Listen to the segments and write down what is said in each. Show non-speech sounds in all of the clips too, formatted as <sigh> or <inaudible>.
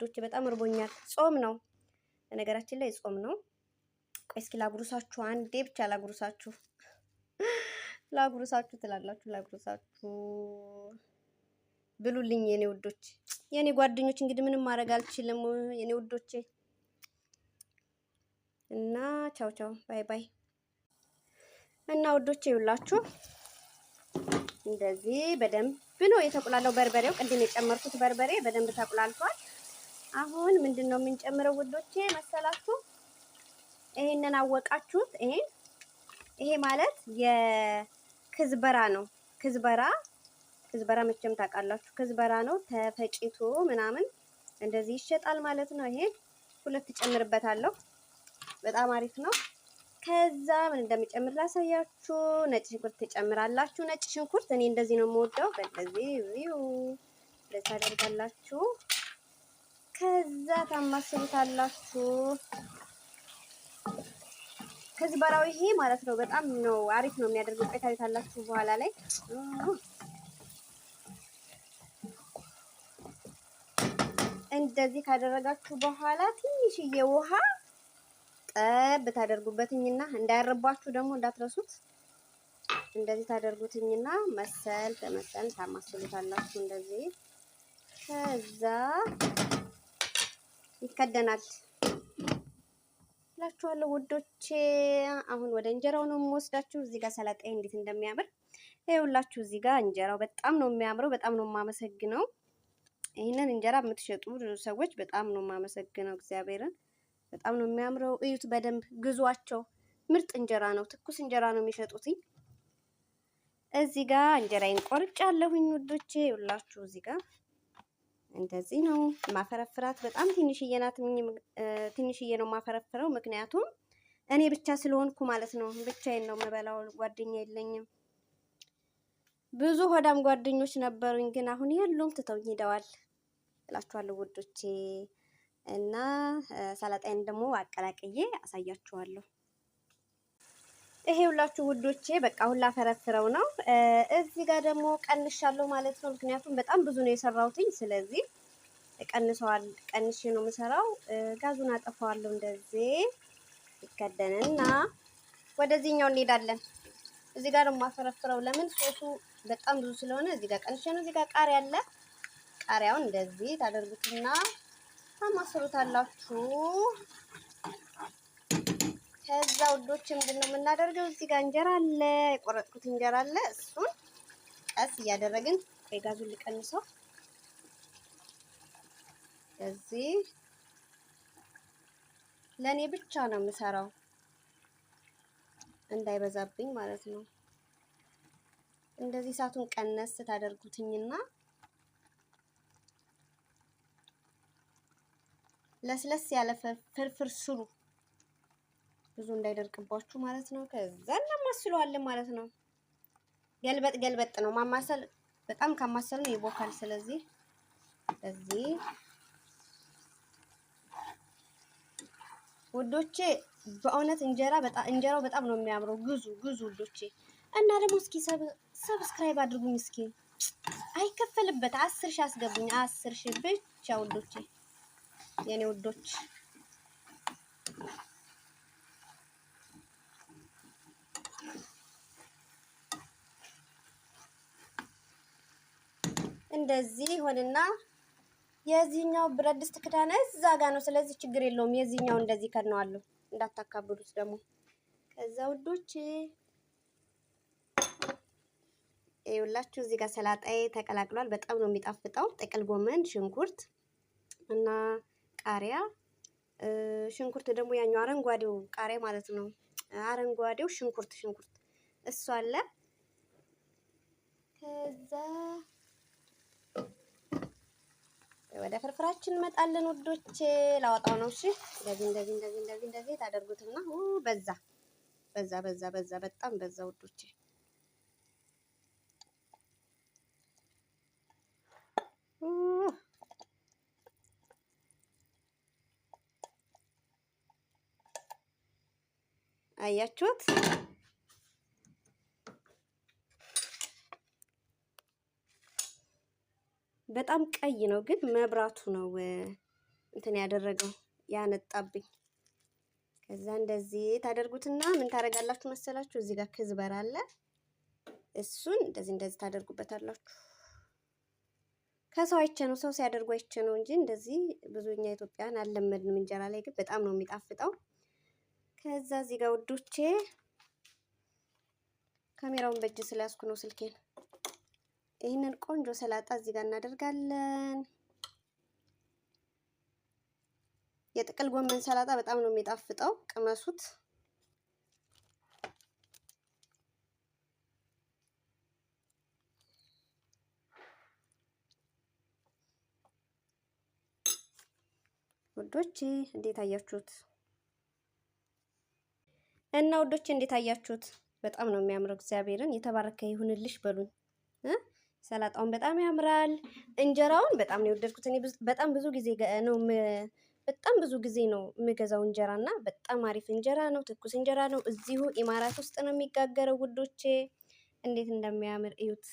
ዶች በጣም እርቦኛል። ጾም ነው በነገራችን ላይ ጾም ነው። ቆይ እስኪ ላጉርሳችሁ፣ አንዴ ብቻ ላጉርሳችሁ፣ <laughs> ላጉርሳችሁ ትላላችሁ፣ ላጉርሳችሁ ብሉልኝ የኔ ውዶች፣ የኔ ጓደኞች። እንግዲህ ምንም ማድረግ አልችልም የኔ ውዶቼ እና ቻው ቻው፣ ባይ ባይ። እና ውዶቼ ይውላችሁ እንደዚህ በደንብ ነው የተቆላለው በርበሬው። ቅድም የጨመርኩት በርበሬ በደንብ ተቆላልቷል። አሁን ምንድን ነው የምንጨምረው ውዶቼ መሰላችሁ? ይሄንን አወቃችሁት። ይሄን ይሄ ማለት የክዝበራ ነው። ክዝበራ ክዝበራ መቼም ታውቃላችሁ፣ ክዝበራ ነው ተፈጭቶ ምናምን እንደዚህ ይሸጣል ማለት ነው። ይሄ ሁለት ጨምርበታለሁ። በጣም አሪፍ ነው። ከዛ ምን እንደሚጨምር ላሳያችሁ። ነጭ ሽንኩርት ትጨምራላችሁ። ነጭ ሽንኩርት እኔ እንደዚህ ነው የምወደው። በእንደዚህ እዚሁ እንደዚህ አደርጋላችሁ። ከዛ ታማስሉታላችሁ። በራው ይሄ ማለት ነው። በጣም ነው አሪፍ ነው የሚያደርገው። ቆይታ ታላችሁ በኋላ ላይ እንደዚህ ካደረጋችሁ በኋላ ትንሽዬ ውሃ ጠብ ታደርጉበትኝና እንዳያርባችሁ ደግሞ እንዳትረሱት። እንደዚህ ታደርጉትኝና መሰል ተመሰል ታማስሉታላችሁ እንደዚህ ከዛ ይከደናል እላችኋለሁ ውዶቼ። አሁን ወደ እንጀራው ነው የምወስዳችሁ። እዚህ ጋር ሰላጣዬ እንዴት እንደሚያምር ይኸውላችሁ። እዚህ ጋር እንጀራው በጣም ነው የሚያምረው። በጣም ነው የማመሰግነው። ይህንን እንጀራ የምትሸጡ ሰዎች በጣም ነው የማመሰግነው። እግዚአብሔርን በጣም ነው የሚያምረው። እዩት በደንብ ግዟቸው። ምርጥ እንጀራ ነው። ትኩስ እንጀራ ነው የሚሸጡትኝ። እዚህ ጋር እንጀራዬን ቆርጫ ውዶቼ። ይኸውላችሁ እዚህ ጋር እንደዚህ ነው ማፈረፍራት። በጣም ትንሽዬ ናት፣ ትንሽዬ ነው ማፈረፍረው፣ ምክንያቱም እኔ ብቻ ስለሆንኩ ማለት ነው። ብቻዬን ነው የምበላው፣ ጓደኛ የለኝም። ብዙ ሆዳም ጓደኞች ነበሩኝ፣ ግን አሁን የሉም፣ ትተውኝ ሄደዋል እላችኋለሁ ውዶቼ። እና ሰላጣይን ደግሞ አቀላቅዬ አሳያችኋለሁ። ይሄ ሁላችሁ ውዶቼ በቃ ሁላ ፈረፍረው ነው። እዚህ ጋር ደግሞ ቀንሻለሁ ማለት ነው፣ ምክንያቱም በጣም ብዙ ነው የሰራሁትኝ። ስለዚህ ቀንሰዋል ቀንሼ ነው የምሰራው። ጋዙን አጠፋዋለሁ እንደዚህ ይከደንና ወደዚህኛው እንሄዳለን። እዚህ ጋር ደግሞ አፈረፍረው። ለምን ሶሱ በጣም ብዙ ስለሆነ እዚህ ጋር ቀንሼ ነው። እዚህ ጋር ቃሪያ አለ። ቃሪያውን እንደዚህ ታደርጉትና ታማስሩታላችሁ ከዛ ውዶች ምንድን ነው የምናደርገው? እዚህ ጋር እንጀራ አለ፣ የቆረጥኩት እንጀራ አለ። እሱን ቀስ እያደረግን የጋዙን ልቀንሰው። እዚህ ለእኔ ብቻ ነው የምሰራው እንዳይበዛብኝ ማለት ነው። እንደዚህ እሳቱን ቀነስ ታደርጉትኝና ለስለስ ያለ ፍርፍር ስሩ። ብዙ እንዳይደርቅባችሁ ማለት ነው። ከዛ እናማስለዋለን ማለት ነው። ገልበጥ ገልበጥ ነው ማማሰል። በጣም ነው ይቦካል። ስለዚህ እዚህ ውዶቼ በእውነት እንጀራ በጣም እንጀራው በጣም ነው የሚያምረው። ግዙ ግዙ ውዶቼ። እና ደግሞ እስኪ ሰብስክራይብ አድርጉኝ እስኪ አይከፈልበት። አስር ሺህ አስገቡኝ። አስር ሺህ ብቻ ውዶቼ፣ የኔ ውዶች እንደዚህ ይሆንና የዚህኛው ብረት ድስት ክዳን እዛ ጋ ነው። ስለዚህ ችግር የለውም። የዚህኛው እንደዚህ ከነዋለሁ። እንዳታካብዱት ደግሞ ከዛ ውዶች ይኸውላችሁ እዚህ ጋር ሰላጣዬ ተቀላቅሏል። በጣም ነው የሚጣፍጠው። ጥቅል ጎመን፣ ሽንኩርት እና ቃሪያ። ሽንኩርት ደግሞ ያኛው አረንጓዴው ቃሪያ ማለት ነው። አረንጓዴው ሽንኩርት ሽንኩርት እሱ አለ ከዛ ወደ ፍርፍራችን እንመጣለን ውዶቼ። ላወጣው ነው። እሺ እንደዚህ እንደዚህ እንደዚህ እንደዚህ እንደዚህ ታደርጉትና በዛ በዛ በዛ በዛ በጣም በዛ ውዶቼ። አያችሁት? በጣም ቀይ ነው፣ ግን መብራቱ ነው እንትን ያደረገው ያነጣብኝ። ከዛ እንደዚህ ታደርጉትና ምን ታደርጋላችሁ መሰላችሁ? እዚህ ጋር ክዝበር አለ። እሱን እንደዚህ እንደዚህ ታደርጉበታላችሁ። ከሰው አይቼ ነው ሰው ሲያደርጉ አይቼ ነው እንጂ እንደዚህ ብዙኛ ኢትዮጵያን አልለመድንም። እንጀራ ላይ ግን በጣም ነው የሚጣፍጠው። ከዛ እዚህ ጋር ውዶቼ ካሜራውን በእጅ ስላያዝኩ ነው ስልኬን ይህንን ቆንጆ ሰላጣ እዚህ ጋር እናደርጋለን። የጥቅል ጎመን ሰላጣ በጣም ነው የሚጣፍጠው፣ ቅመሱት። ውዶች እንዴት አያችሁት? እና ውዶች እንዴት አያችሁት? በጣም ነው የሚያምረው። እግዚአብሔርን የተባረከ ይሁንልሽ በሉኝ። ሰላጣውን በጣም ያምራል። እንጀራውን በጣም ነው የወደድኩት። እኔ በጣም ብዙ ጊዜ ነው በጣም ብዙ ጊዜ ነው የምገዛው እንጀራ እና በጣም አሪፍ እንጀራ ነው። ትኩስ እንጀራ ነው። እዚሁ ኢማራት ውስጥ ነው የሚጋገረው ውዶቼ። እንዴት እንደሚያምር እዩት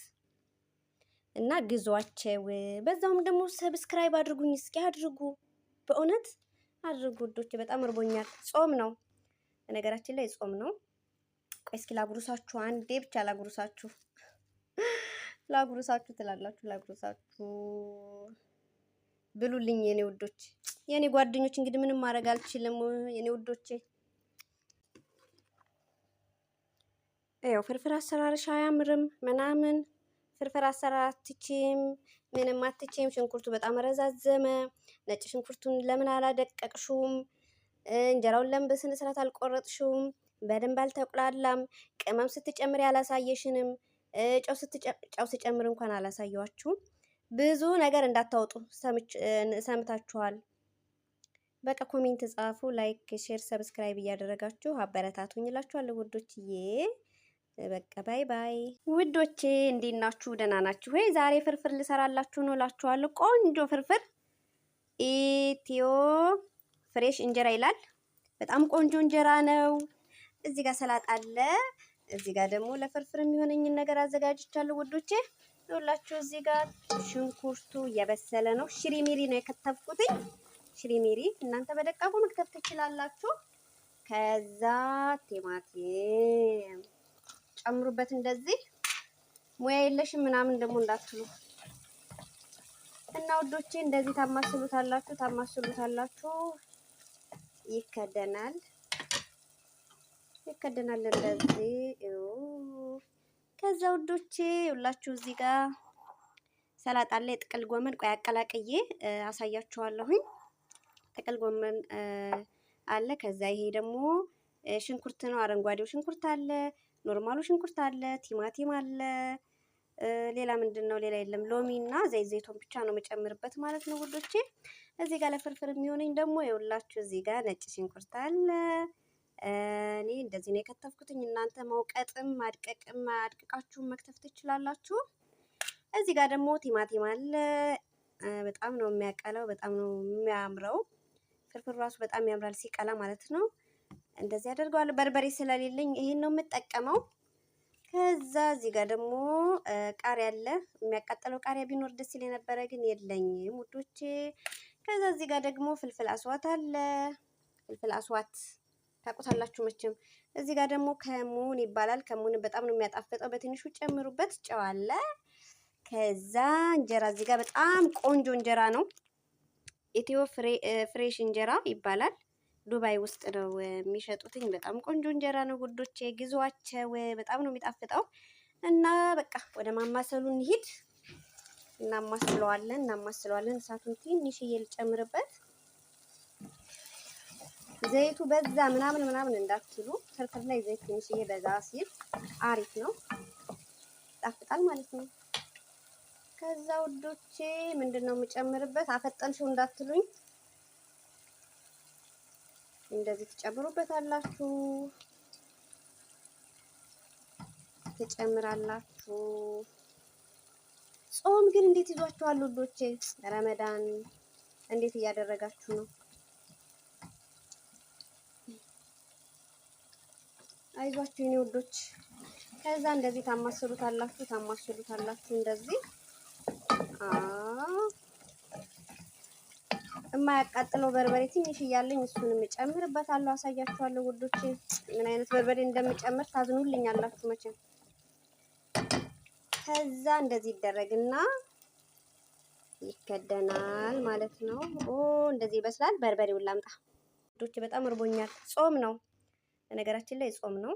እና ግዟቸው። በዛውም ደግሞ ሰብስክራይብ አድርጉኝ፣ እስኪ አድርጉ፣ በእውነት አድርጉ ውዶቼ። በጣም እርቦኛል። ጾም ነው በነገራችን ላይ ጾም ነው። ቆይ እስኪ ላጉርሳችሁ፣ አንዴ ብቻ ላጉርሳችሁ። ላጉርሳችሁ ትላላችሁ። ላጉርሳችሁ ብሉልኝ የኔ ውዶች፣ የኔ ጓደኞች። እንግዲህ ምንም ማድረግ አልችልም የኔ ውዶቼ። ያው ፍርፍር አሰራርሽ አያምርም ምናምን፣ ፍርፍር አሰራር አትችም፣ ምንም አትችም። ሽንኩርቱ በጣም ረዛዘመ። ነጭ ሽንኩርቱን ለምን አላደቀቅሹም? እንጀራውን ለምን በስነ ስርዓት አልቆረጥሽውም? በደንብ አልተቁላላም። ቅመም ስትጨምር አላሳየሽንም። ጨው ስጨምር እንኳን አላሳየዋችሁም። ብዙ ነገር እንዳታወጡ ሰምታችኋል። በቃ ኮሜንት ጻፉ፣ ላይክ፣ ሼር፣ ሰብስክራይብ እያደረጋችሁ አበረታቱኝ እላችኋለሁ ውዶችዬ። በቃ ባይ ባይ ውዶቼ፣ እንዴት ናችሁ? ደህና ናችሁ ወይ? ዛሬ ፍርፍር ልሰራላችሁ ነው እላችኋለሁ። ቆንጆ ፍርፍር ኢትዮ ፍሬሽ እንጀራ ይላል። በጣም ቆንጆ እንጀራ ነው። እዚህ ጋር ሰላጣ አለ። እዚህ ጋር ደግሞ ለፍርፍር የሚሆነኝን ነገር አዘጋጅቻለሁ ውዶቼ። ይኸውላችሁ እዚህ ጋር ሽንኩርቱ እየበሰለ ነው። ሽሪሚሪ ነው የከተፍኩትኝ። ሽሪሚሪ እናንተ በደቃቁ መክተፍ ትችላላችሁ። ከዛ ቲማቲም ጨምሩበት። እንደዚህ ሙያ የለሽም ምናምን ደግሞ እንዳትሉ እና ውዶቼ እንደዚህ ታማስሉታላችሁ ታማስሉታላችሁ። ይከደናል ይከደናል እንደዚህ። ከዛ ውዶቼ ሁላችሁ እዚህ ጋር ሰላጣ ላይ ጥቅል ጎመን ቆይ አቀላቅዬ አሳያችኋለሁኝ። ጥቅል ጎመን አለ። ከዛ ይሄ ደግሞ ሽንኩርት ነው። አረንጓዴው ሽንኩርት አለ፣ ኖርማሉ ሽንኩርት አለ፣ ቲማቲም አለ። ሌላ ምንድን ነው? ሌላ የለም። ሎሚ እና ዘይት ዘይቶን ብቻ ነው የምጨምርበት ማለት ነው ውዶቼ። እዚህ ጋር ለፍርፍር የሚሆነኝ ደግሞ የሁላችሁ እዚህ ጋር ነጭ ሽንኩርት አለ። እኔ እንደዚህ ነው የከተፍኩትኝ። እናንተ መውቀጥም ማድቀቅም አድቅቃችሁም መክተፍ ትችላላችሁ። እዚህ ጋር ደግሞ ቲማቲም አለ። በጣም ነው የሚያቀለው፣ በጣም ነው የሚያምረው። ፍርፍር ራሱ በጣም ያምራል ሲቀላ ማለት ነው። እንደዚህ አደርገዋለሁ። በርበሬ ስለሌለኝ ይሄን ነው የምጠቀመው። ከዛ እዚህ ጋር ደግሞ ቃሪያ አለ። የሚያቃጠለው ቃሪያ ቢኖር ደስ ይል የነበረ ግን የለኝም ውዶቼ። ከዛ እዚህ ጋር ደግሞ ፍልፍል አስዋት አለ። ፍልፍል አስዋት ታውቁታላችሁ መቼም። እዚህ ጋር ደግሞ ከሙን ይባላል። ከሙን በጣም ነው የሚያጣፍጠው። በትንሹ ጨምሩበት፣ ጨው አለ። ከዛ እንጀራ እዚህ ጋር በጣም ቆንጆ እንጀራ ነው። ኢትዮ ፍሬሽ እንጀራ ይባላል። ዱባይ ውስጥ ነው የሚሸጡትኝ። በጣም ቆንጆ እንጀራ ነው ጉዶቼ፣ ግዙዋቸው። በጣም ነው የሚጣፍጠው። እና በቃ ወደ ማማሰሉ እንሂድ። እናማስለዋለን እናማስለዋለን። እሳቱን ትንሽዬ ልጨምርበት ዘይቱ በዛ ምናምን ምናምን እንዳትሉ ፍርፍር ላይ ዘይት ይሄ በዛ ሲል አሪፍ ነው፣ ጣፍጣል ማለት ነው። ከዛ ውዶቼ ምንድን ነው የምጨምርበት? አፈጠንሽው እንዳትሉኝ እንደዚህ ትጨምሩበታላችሁ ትጨምራላችሁ። ጾም ግን እንዴት ይዟችኋል ውዶቼ? ረመዳን እንዴት እያደረጋችሁ ነው? አይዟችሁ የኔ ውዶች። ከዛ እንደዚህ ታማስሉታላችሁ ታማስሉታላችሁ እንደዚህ የማያቃጥለው በርበሬ ትንሽ እያለኝ እሱንም እጨምርበታለሁ፣ አሳያችኋለሁ ውዶች ምን አይነት በርበሬ እንደምጨምር ታዝኑልኛላችሁ መቼም። ከዛ እንደዚህ ይደረግና ይከደናል ማለት ነው። ኦ እንደዚህ ይበስላል። በርበሬውን ላምጣ ውዶቼ፣ በጣም እርቦኛል፣ ጾም ነው። በነገራችን ላይ ጾም ነው።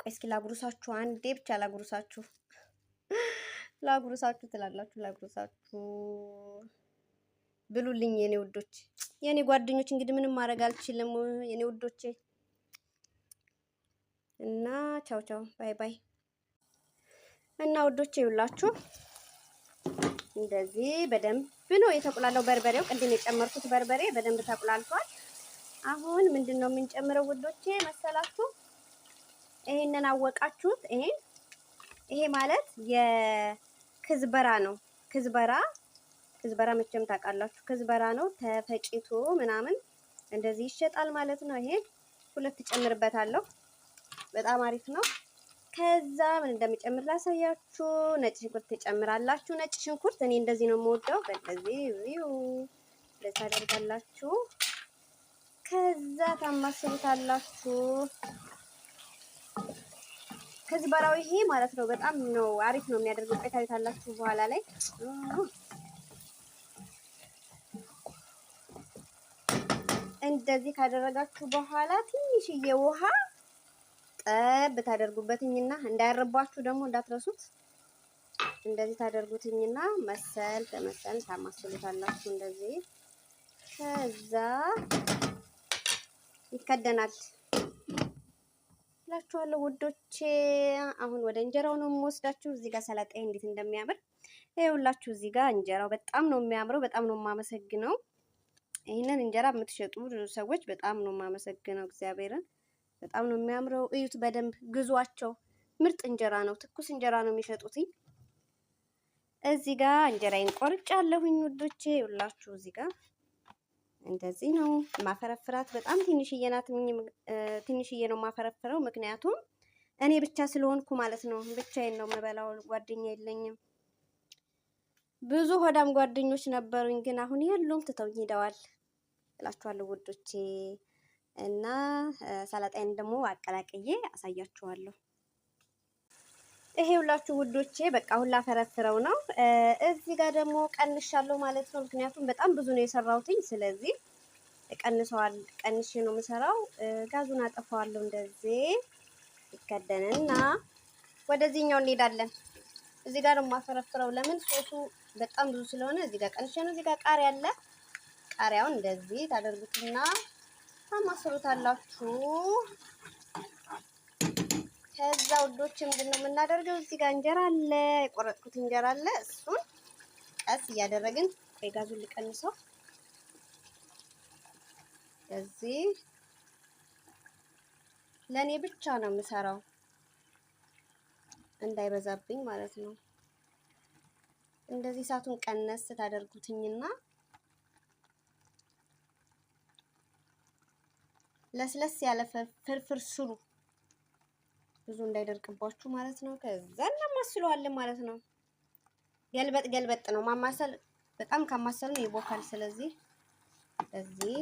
ቆይ እስኪ ላጉርሳችሁ፣ አንዴ ብቻ ላጉርሳችሁ፣ ላጉርሳችሁ ትላላችሁ፣ ላጉርሳችሁ ብሉልኝ የኔ ውዶች፣ የኔ ጓደኞች። እንግዲህ ምንም ማድረግ አልችልም የኔ ውዶቼ እና ቻው ቻው፣ ባይ ባይ። እና ውዶቼ ይውላችሁ እንደዚህ በደንብ ነው የተቆላለው በርበሬው። ቅድም የጨመርኩት በርበሬ በደንብ ተቆላልቷል። አሁን ምንድን ነው የምንጨምረው ውዶቼ መሰላችሁ? ይሄንን አወቃችሁት። ይሄ ይሄ ማለት የክዝበራ ነው። ክዝበራ ክዝበራ መቼም ታውቃላችሁ፣ ክዝበራ ነው ተፈጭቶ ምናምን እንደዚህ ይሸጣል ማለት ነው። ይሄ ሁለት ጨምርበታለሁ። በጣም አሪፍ ነው። ከዛ ምን እንደሚጨምር ላሳያችሁ። ነጭ ሽንኩርት ትጨምራላችሁ። ነጭ ሽንኩርት እኔ እንደዚህ ነው የምወደው። በእንደዚህ ዚው ደስ ከዛ ታማስሉታላችሁ። ከዚህ በኋላ ይሄ ማለት ነው በጣም ነው አሪፍ ነው የሚያደርገው። ቆይ ታላችሁ በኋላ ላይ እንደዚህ ካደረጋችሁ በኋላ ትንሽዬ ውሃ ጠብ ታደርጉበትኝና እንዳያረባችሁ ደግሞ እንዳትረሱት። እንደዚህ ታደርጉትኝና መሰል ተመሰል ታማስሉታላችሁ እንደዚህ ከዛ ይከደናል እላችኋለሁ ውዶቼ። አሁን ወደ እንጀራው ነው የምወስዳችሁ። እዚህ ጋር ሰላጣዬ እንዴት እንደሚያምር ይኸውላችሁ። እዚህ ጋር እንጀራው በጣም ነው የሚያምረው። በጣም ነው የማመሰግነው። ይህንን እንጀራ የምትሸጡ ሰዎች በጣም ነው የማመሰግነው። እግዚአብሔርን በጣም ነው የሚያምረው። እዩት በደንብ ግዟቸው። ምርጥ እንጀራ ነው። ትኩስ እንጀራ ነው የሚሸጡት። እዚህ ጋር እንጀራዬን ቆርጫ አለሁኝ ውዶቼ ይኸውላችሁ እዚህ ጋር እንደዚህ ነው ማፈረፍራት። በጣም ትንሽዬ ናት፣ ትንሽዬ ነው ማፈረፍረው፣ ምክንያቱም እኔ ብቻ ስለሆንኩ ማለት ነው። ብቻዬን ነው የምበላው፣ ጓደኛ የለኝም። ብዙ ሆዳም ጓደኞች ነበሩኝ፣ ግን አሁን የሉም፣ ትተውኝ ሄደዋል እላችኋለሁ ውዶቼ። እና ሰላጣይን ደግሞ አቀላቅዬ አሳያችኋለሁ። ይሄ ሁላችሁ ውዶቼ በቃ ሁላ ፈረፍረው ነው። እዚህ ጋር ደግሞ ቀንሻለሁ ማለት ነው፣ ምክንያቱም በጣም ብዙ ነው የሰራሁትኝ። ስለዚህ ቀንሰዋል፣ ቀንሼ ነው የምሰራው። ጋዙን አጠፋዋለሁ። እንደዚህ ይከደንና ወደዚህኛው እንሄዳለን። እዚህ ጋር ነው የማፈረፍረው። ለምን ሶሱ በጣም ብዙ ስለሆነ እዚህ ጋር ቀንሼ ነው። እዚህ ጋር ቃሪያ አለ። ቃሪያውን እንደዚህ ታደርጉትና ታማስሩታላችሁ። ከዛ ውዶች ምንድን ነው የምናደርገው? እዚህ ጋር እንጀራ አለ፣ የቆረጥኩት እንጀራ አለ። እሱን ቀስ እያደረግን ጋዙን ልቀንሰው። እዚህ ለእኔ ብቻ ነው የምሰራው እንዳይበዛብኝ ማለት ነው። እንደዚህ እሳቱን ቀነስ ታደርጉትኝና ለስለስ ያለ ፍርፍር ስሩ። ብዙ እንዳይደርቅባችሁ ማለት ነው። ከዛ እናማስለዋለን ማለት ነው። ገልበጥ ገልበጥ ነው ማማሰል። በጣም ካማሰል ነው ይቦካል። ስለዚህ እዚህ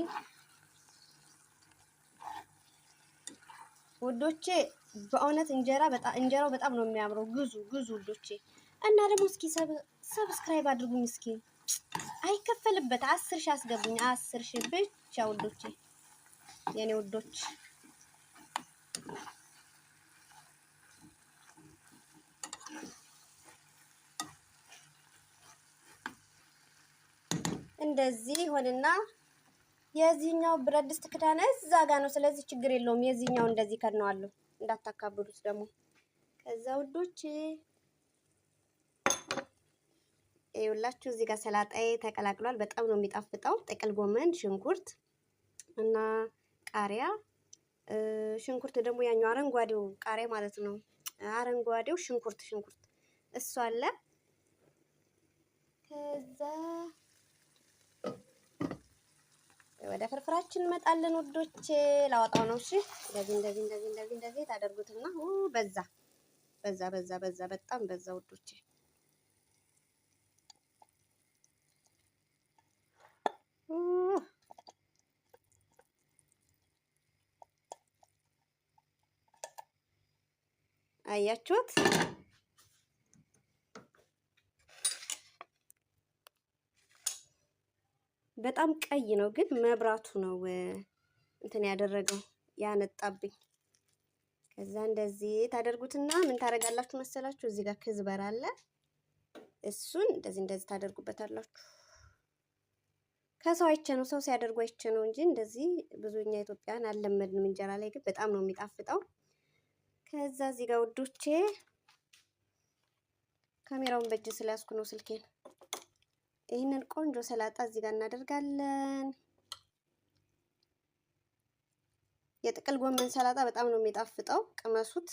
ውዶቼ በእውነት እንጀራ በጣም እንጀራው በጣም ነው የሚያምረው። ግዙ ግዙ ውዶቼ። እና ደግሞ እስኪ ሰብስክራይብ አድርጉኝ እስኪ አይከፈልበት። አስር ሺህ አስገቡኝ፣ አስር ሺህ ብቻ ውዶቼ፣ የኔ ውዶች። እንደዚህ ይሆንና የዚህኛው ብረት ድስት ክዳን እዛ ጋ ነው። ስለዚህ ችግር የለውም። የዚህኛው እንደዚህ ከድነዋለሁ። እንዳታካብዱት ደግሞ ከዛ ውዶች ይኸውላችሁ እዚህ ጋር ሰላጣዬ ተቀላቅሏል። በጣም ነው የሚጣፍጠው። ጥቅል ጎመን፣ ሽንኩርት እና ቃሪያ። ሽንኩርት ደግሞ ያኛው አረንጓዴው ቃሪያ ማለት ነው። አረንጓዴው ሽንኩርት ሽንኩርት እሱ አለ ከዛ ወደ ፍርፍራችን እንመጣለን ውዶቼ። ላወጣው ነው። እሺ እንደዚህ እንደዚህ እንደዚህ እንደዚህ እንደዚህ ታደርጉትና በዛ በዛ በዛ በዛ በጣም በዛ ውዶቼ። አያችሁት? በጣም ቀይ ነው፣ ግን መብራቱ ነው እንትን ያደረገው ያነጣብኝ። ከዛ እንደዚህ ታደርጉትና ምን ታደርጋላችሁ መሰላችሁ? እዚህ ጋር ክዝበር አለ። እሱን እንደዚህ እንደዚህ ታደርጉበታላችሁ። ከሰው አይቼ ነው ሰው ሲያደርጉ አይቼ ነው እንጂ እንደዚህ ብዙኛ ኢትዮጵያን አልለመድንም። እንጀራ ላይ ግን በጣም ነው የሚጣፍጠው። ከዛ እዚህ ጋር ውዶቼ ካሜራውን በእጅ ስለያዝኩ ነው ስልኬን ይህንን ቆንጆ ሰላጣ እዚህ ጋር እናደርጋለን። የጥቅል ጎመን ሰላጣ በጣም ነው የሚጣፍጠው፣ ቅመሱት።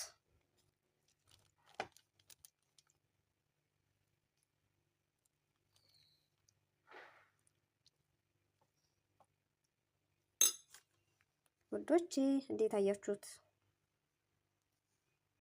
ውዶቼ እንዴት አያችሁት?